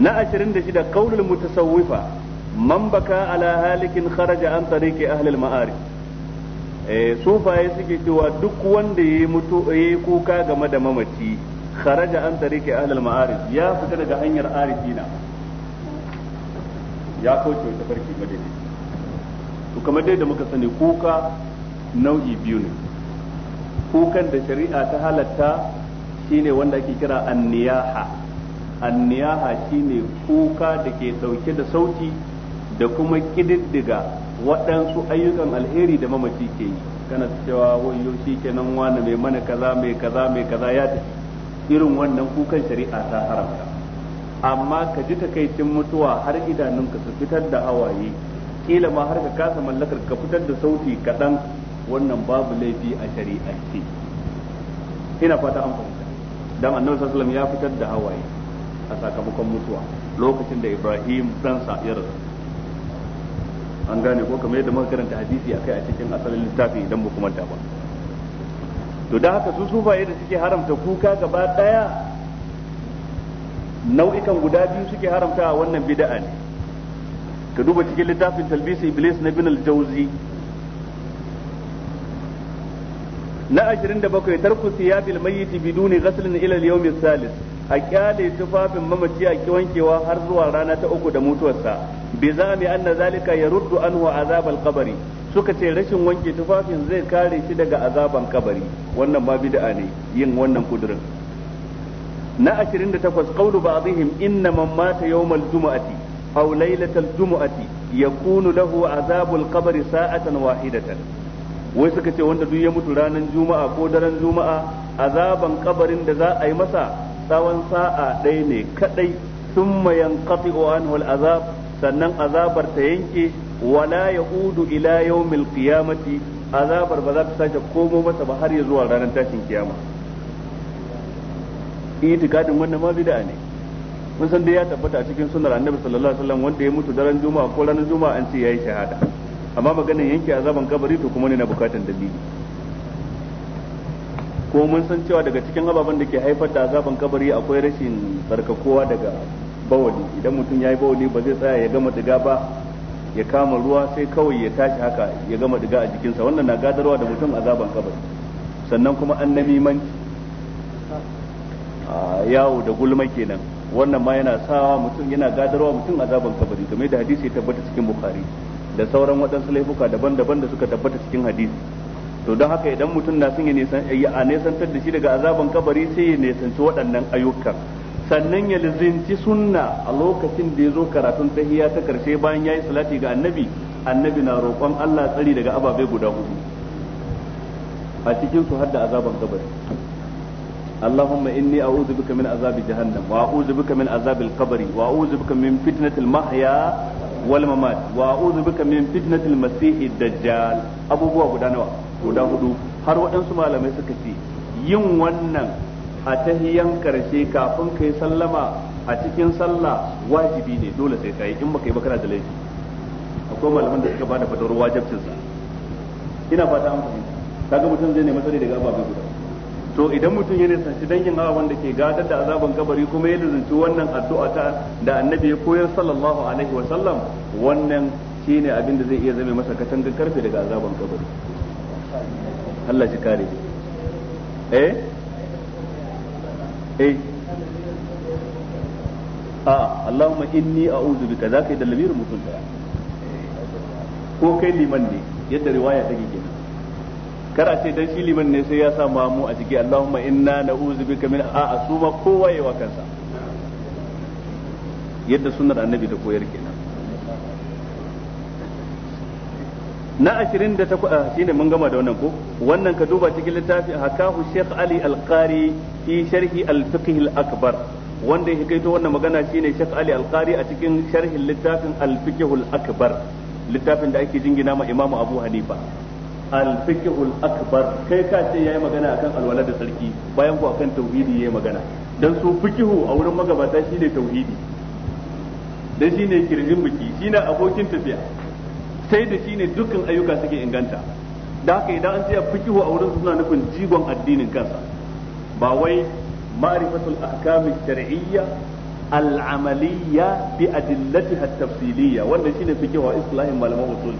na 26 kaulul mutasawwifa man baka ala halikin kharaja an tariqi ahli al maari eh sufaye suke cewa duk wanda yayi mutu yayi kuka game da mamaci kharaja an tariqi ahli al maari ya fita daga hanyar arifina ya kauce wata farki madadi to kamar dai da muka sani kuka nau'i biyu ne kukan da shari'a ta halatta shine wanda ake kira an-niyaha anniyaha shine kuka da ke dauke da sauti da kuma kididdiga waɗansu ayyukan alheri da mamaci ke yi kana cewa wayo shi kenan wani mai mana kaza mai kaza mai kaza ya tafi irin wannan kukan shari'a ta haramta amma ka ji takaicin mutuwa har idanunka su fitar da hawaye kila ma har ka kasa mallakar ka fitar da sauti kaɗan wannan babu laifi a shari'a ce ina fata an fahimta dan annabi sallallahu alaihi wasallam ya fitar da hawaye a sakamakon mutuwa lokacin da Ibrahim ɗansa ya rasu an gane ko kamar yadda muka karanta hadisi akai a cikin asalin littafi idan ba manta ba to da haka su sufaye da suke haramta kuka gaba daya nau'ikan guda biyu suke haramta a wannan bid'a ne ka duba cikin littafin talbisi iblis na bin al-jawzi na 27 tarku siyabil mayyit biduni ghaslin ila al-yawm al-thalith a kyale tufafin mamaci a ki wankewa har zuwa rana ta uku da mutuwarsa bi zami anna zalika yaruddu anhu azabal qabri suka ce rashin wanke tufafin zai kare shi daga azaban kabari wannan ma bid'a ne yin wannan kudurin na 28 qawlu ba'dihim inna man mata yawmal jumu'ati aw laylatal jumu'ati yakunu lahu azabul qabri sa'atan wahidatan wai suka ce wanda duk ya mutu ranar juma'a ko daren juma'a azaban kabarin da za a yi masa tsawon sa'a ɗaya ne kadai thumma yanqati'u anhu azab sannan azabar ta yanke wala udu ila yawmil qiyamati azabar ba za ta sake komo masa ba har ya zuwa ranar tashin kiyama itikadin wannan ma bid'a ne mun san dai ya tabbata a cikin sunar annabi sallallahu alaihi wasallam wanda ya mutu daren juma'a ko ranar juma'a an ce yayi shahada amma maganin yanke azaban kabari to kuma ne na bukatan dalili ko mun san cewa daga cikin ababen da ke haifar da azaban kabari akwai rashin tsarkakowa daga bawali idan mutum ya yi bawali ba zai tsaya ya gama diga ba ya kama ruwa sai kawai ya tashi haka ya gama diga a jikinsa wannan na gadarwa da mutum azaban kabari sannan kuma an namimanci yawo da gulma kenan wannan ma yana sawa mutum yana gadarwa mutum azaban kabari game da hadisi ya tabbata cikin bukari da sauran waɗansu laifuka daban-daban da suka tabbata cikin hadisi to don haka idan mutum na son ya a nesantar da shi daga azaban kabari sai ya nesanci waɗannan ayyukan sannan ya lizinci sunna a lokacin da ya zo karatun tahiya ta karshe bayan ya yi salati ga annabi annabi na roƙon Allah tsari daga ababai guda hudu a cikin su da azaban kabari اللهم إني أعوذ بك من عذاب جهنم وأعوذ بك من عذاب القبر وأعوذ بك من فتنة المحيا wa وأعوذ بك من فتنة المسيح الدجال أبو بوا بدانوا guda hudu har waɗansu malamai suka ce yin wannan a tahiyan karshe kafin ka yi sallama a cikin sallah wajibi ne dole sai ka yi in baka yi ba kana da laifi akwai malaman da suka bada fatawar wajibcin sa ina fata an fahimta kaga mutum zai nemi sani daga ababen guda to idan mutum ya shi dangin ababen da ke gadar da azaban kabari kuma ya lizanci wannan addu'a ta da annabi ya koyar sallallahu alaihi wa sallam wannan shine abin da zai iya zame masa katangar karfe daga azaban kabari Allah shi kare eh eh a Allahumma inni a'udhu bika zaka yi da lamirin mutum daya ko kai liman ne yadda riwaya take kenan kara ce dan shi liman ne sai ya sa mamu a ciki Allahumma inna na'udhu bika min a'a su ma kowa yayi wa kansa yadda sunnar annabi ta koyar kenan na 28 ah, shine mun gama da wannan ko wannan ka duba cikin littafi hakahu Sheikh Ali Al-Qari fi sharhi al-fiqh al-akbar wanda ya kaito wannan magana shine Sheikh Ali Al-Qari a cikin sharhin littafin al-fiqh al-akbar littafin da ake jingina ma Imam Abu Hanifa al-fiqh al-akbar kai ka ce yayi magana akan alwala da sarki bayan ku akan tauhidi yayi magana dan su fiqhu a wurin magabata shine tauhidi dan shine kirjin biki shine abokin tafiya sai da shi ne dukkan ayyuka suke inganta da haka idan an tsaya fikihu a wurin suna nufin jigon addinin kansa ba wai ma'rifatul ahkam shar'iyya al'amaliyya bi adillatiha tafsiliyya wannan shine fikihu a islahin malaman usul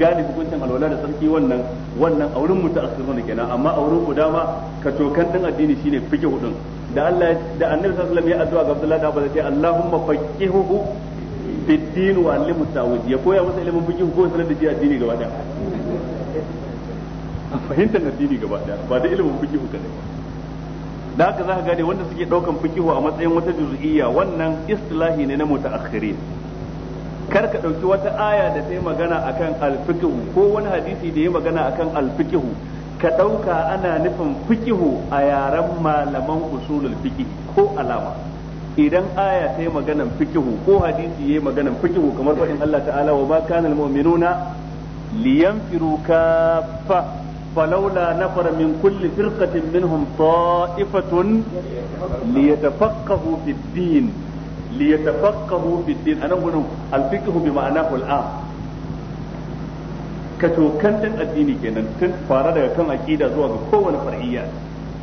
gane hukuncin alwala da sarki wannan wannan a wurin mutaakhirun kenan amma a wurin dama ka tokan din addini shine fikihu din da Allah da Annabi sallallahu alaihi wasallam ya addu'a ga Abdullah da Abbas Allahumma faqihuhu fi wa alimu tawhid ya koya masa ilimin fiqh ko sanar da shi addini gaba daya fahimtar addini gaba daya ba da ilimin fiqh ba da haka za ka gane wanda suke daukan fiqh a matsayin wata juz'iyya wannan istilahi ne na mutaakhirin kar ka dauki wata aya da ta yi magana akan al-fiqh ko wani hadisi da ya magana akan al-fiqh ka ɗauka ana nufin fikihu a yaren malaman usulul fikihi ko alama idan aya ta yi maganan fikihu ko hadisi ya yi maganan fikihu kamar faɗin Allah ta'ala wa ma kana almu'minuna liyanfiru kaffa falawla nafara min kulli firqatin minhum ta'ifatun liyatafaqahu fid din liyatafaqahu fid din anan gunu alfikihu bi ma'ana al am kato kan din addini kenan tun fara daga kan aqida zuwa ga kowane far'iyya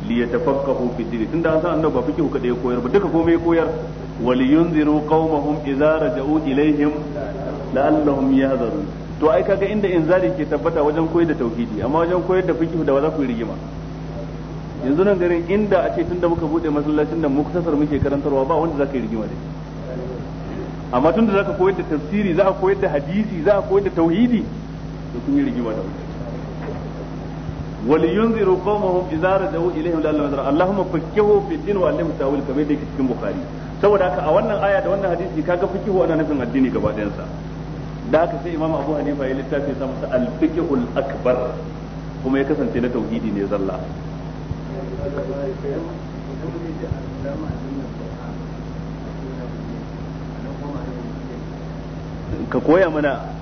li yatafaqahu fi din tunda an san annabi ba fiqh ya koyar ba duka komai koyar wal yunziru qaumahum idza raja'u ilaihim la'allahum yahzarun to ai kaga inda inzari ke tabbata wajen koyar da tauhidi amma wajen koyar da fiqh da ba za ku yi rigima yanzu nan garin inda a ce tunda muka bude masallacin da muka tasar muke karantarwa ba wanda zaka yi rigima da shi amma tunda zaka koyar da tafsiri za a koyar da hadisi za a koyar da tauhidi to kun yi rigima da wanda ولينذروا قومهم اذا رجعوا اليهم لعلهم يذرون اللهم فقهوا في الدين وعلموا التاويل kamar yadda yake cikin bukhari saboda haka a wannan aya da wannan hadisi kaga fikihu ana nufin addini gaba ɗayan sa da haka sai imamu abu hanifa ya littafi sa masa al fikihul akbar kuma ya kasance na tauhidi ne zalla ka koya mana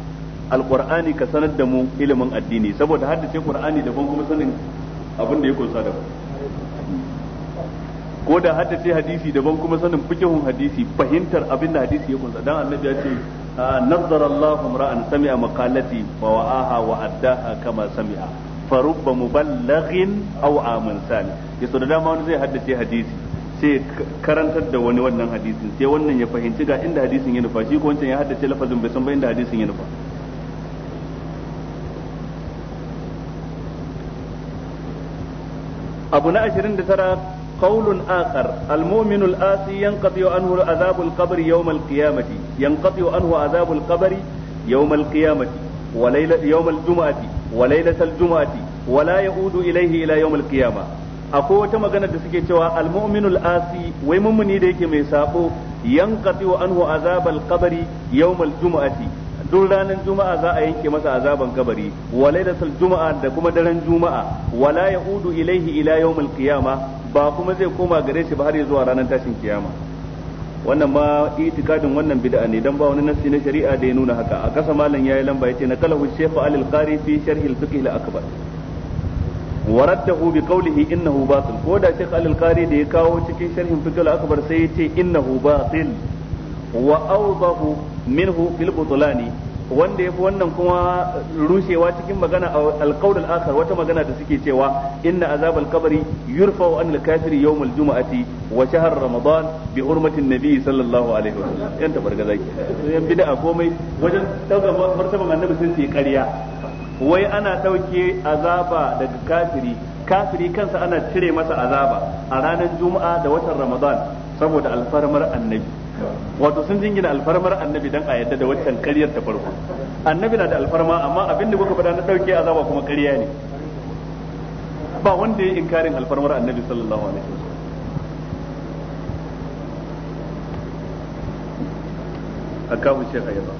alqur'ani ka sanar da mu ilimin addini saboda haddace qur'ani daban kuma sanin abin da ya kunsa da ko da haddace hadisi daban kuma sanin fikihun hadisi fahimtar abin da hadisi ya kunsa dan annabi ya ce nazzara Allahu ra'an sami'a maqalati wa wa'aha wa addaha kama sami'a farubba muballighin aw amin sani yaso da dama wani zai haddace hadisi sai karantar da wani wannan hadisin sai wannan ya fahimci ga inda hadisin ya nufa shi ko wancan ya haddace lafazin bai san ba inda hadisin ya nufa abu na 29 قول آخر المؤمن الآسي ينقطع عنه عذاب القبر يوم القيامة ينقطع عنه عذاب القبر يوم القيامة وليلة يوم الجمعة وليلة الجمعة ولا يعود إليه إلى يوم القيامة akwai wata magana da suke cewa almu'minul asi wai mummuni da yake mai sabo yanqati wa anhu azabal qabri yawmal jumu'ati duk ranar juma'a za a yanke masa azaban kabari wa lailatul juma'a da kuma daren juma'a wala yaudu ilaihi ila yawmil qiyama ba kuma zai koma gare shi ba har zuwa ranar tashin kiyama wannan ma itikadin wannan bid'a ne dan ba wani nassi na shari'a da ya nuna haka a kasa malam yayi lamba yace na kalahu shaykh al-qari fi sharh al-fiqh al-akbar ورده بقوله انه باطل ko da Sheikh Al-Qari da ya kawo cikin sharhin fiqh al-akbar sai yace innahu batil wa awdahu minhu fil butlani wanda fi wannan kuma rushewa cikin magana a al-akhar wata magana da suke cewa inna azab al-qabri yurfa'u an al-kafir yawm al-jum'ati wa shahr ramadan bi hurmati nabi sallallahu alaihi wa wasallam yan tabargaza ki yan bid'a komai wajen daga martaba annabi sun ce ƙarya wai ana dauke azaba daga kafiri kafiri kansa ana cire masa azaba a ranar juma'a da watan ramadan saboda alfarmar annabi wato sun jingina alfarmar annabi dan a yadda da waccan ƙaryar ta farko annabi na da alfarma amma abin da kuka faɗa na ɗauke azaba kuma ƙarya ne ba wanda ya inkarin alfarmar annabi sallallahu alaihi wasallam akabu shekha yaba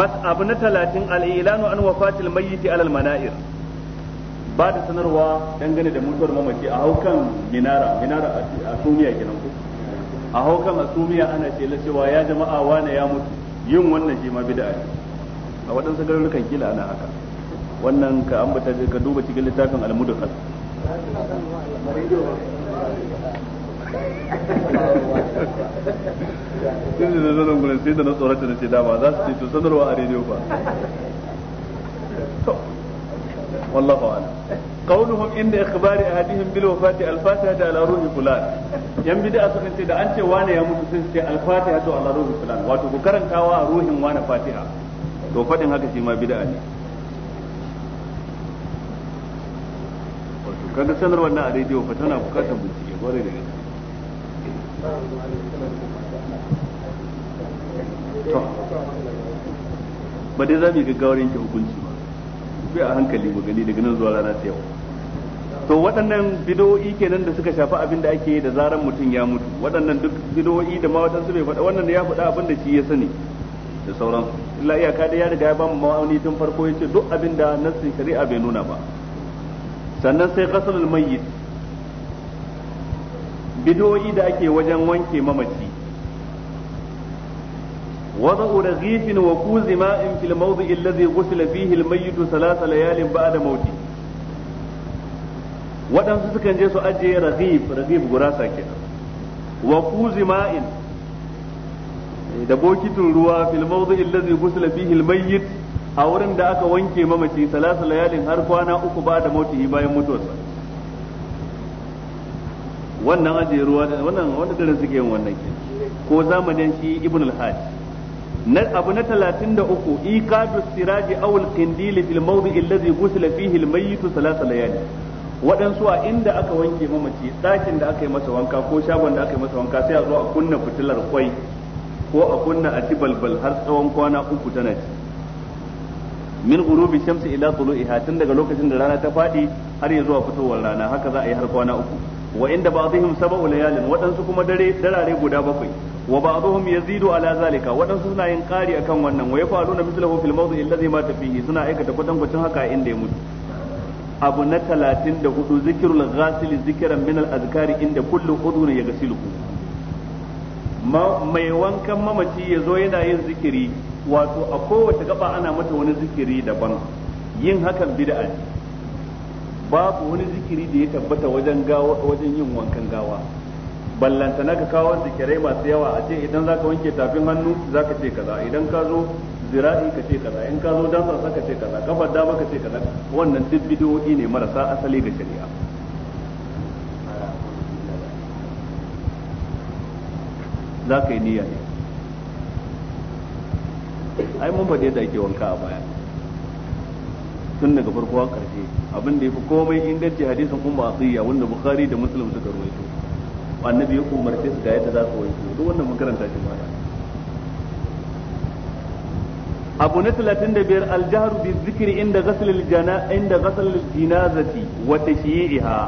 mas abu na talatin al'ilanu an wafatil mayyiti alal mana'ir ba da sanarwa dangane da mutuwar mamaci a haukan minara minara a duniya kenan ko a haukan asumiya ana ce la cewa ya jama'a wane ya mutu yin wannan shi ma bid'a ne a waɗansu garurukan kila ana haka wannan ka ambata ka duba cikin littafin al-mudkhal sun da zanen gudun sai da na tsorata na ce dama za su ce to sanarwa a rediyo ba والله أعلم قولهم عند إخبار أحدهم بالوفاة الفاتحة على روح فلان yan bid'a sukan ce da an ce wane ya mutu sun ce al-fatiha to Allah ruhi fulan wato ku karantawa a ruhin fatiha to fadin haka shi ma a fa ba dai za mu yi gaggawar yanke hukunci bi a hankali mu gani daga nan zuwa rana ta yau to waɗannan bidoyi kenan da suka shafi abin da ake da zaran mutum ya mutu waɗannan duk bidoyi da ma waɗansu bai faɗa wannan ya faɗa abin da shi ya sani da sauran illa iyaka da ya riga ya ba mu ma'auni tun farko ya ce duk abin da nassin shari'a bai nuna ba sannan sai qasalul mayyit bidoyi da ake wajen wanke mamaci وضع رغيف وكوز ماء في الموضع الذي غسل فيه الميت ثلاث ليال بعد موته waɗansu sukan je su ajiye ragib ragib gurasa kenan wa kuzi da bokitin ruwa fil mawdi allazi ghusila fihi al mayyit a wurin da aka wanke mamaci salasa layalin har kwana uku ba da mautihi bayan mutuwarsa wannan ajiye ruwa wannan wanda dare suke yin wannan ko zamanin shi ibn al-hajj abu na talatin da uku ikadu siraji awul kindili fil mawdi illazi, gusila fihi almayyitu salasa layali waɗansu a inda aka wanke mamaci ɗakin da aka yi masa wanka ko shagon da aka yi masa wanka sai a zo a kunna fitilar kwai ko a kunna a ci har tsawon kwana uku tana ci min gurubi shamsi ila tulu'iha tun daga lokacin da rana ta faɗi har ya zuwa fitowar rana haka za a yi har kwana uku wa inda ba'dihim sab'u layalin waɗansu kuma dare darare guda bakwai wa ba'dhum yazidu ala zalika waɗansu suna yin ƙari akan wannan wa yafaluna mithluhu fil mawdi'i alladhi mata fihi suna aikata kwatankwacin haka inda ya mutu abu na talatin da hudu zikirul min al-azkari inda kullu udhun yaghsiluhu mai wankan mamaci ya zo yana yin zikiri wato a kowace gaba ana mata wani zikiri daban yin hakan bid'a babu wani zikiri da ya tabbata wajen gawa wajen yin wankan gawa ballantana ka kawo zikirai masu yawa a ce idan zaka wanke tafin hannu zaka ce kaza idan ka zo zira'i ka ce kaza in ka zo dan sa ka ce kaza kafar dama ka ce kaza wannan duk bidiyoyi ne marasa asali ga shari'a zaka yi niyya ne ai mun faɗi da ake wanka a baya tun daga farko har karshe abin da yafi komai inganci hadisin umma asiya wanda bukhari da muslim suka rawaito annabi ya umarce su ga yadda za su wanke duk wannan mun karanta shi baya abu na 35 aljahr bi zikri inda ghasl aljana inda ghasl aljinazati wa tashyi'iha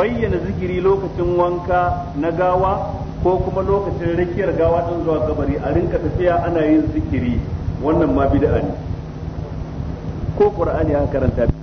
bayyana zikiri lokacin wanka na gawa ko kuma lokacin rakiyar gawa din zuwa kabari a rinka tafiya ana yin zikiri wannan ma bid'a ne ko ƙura'ani aka karanta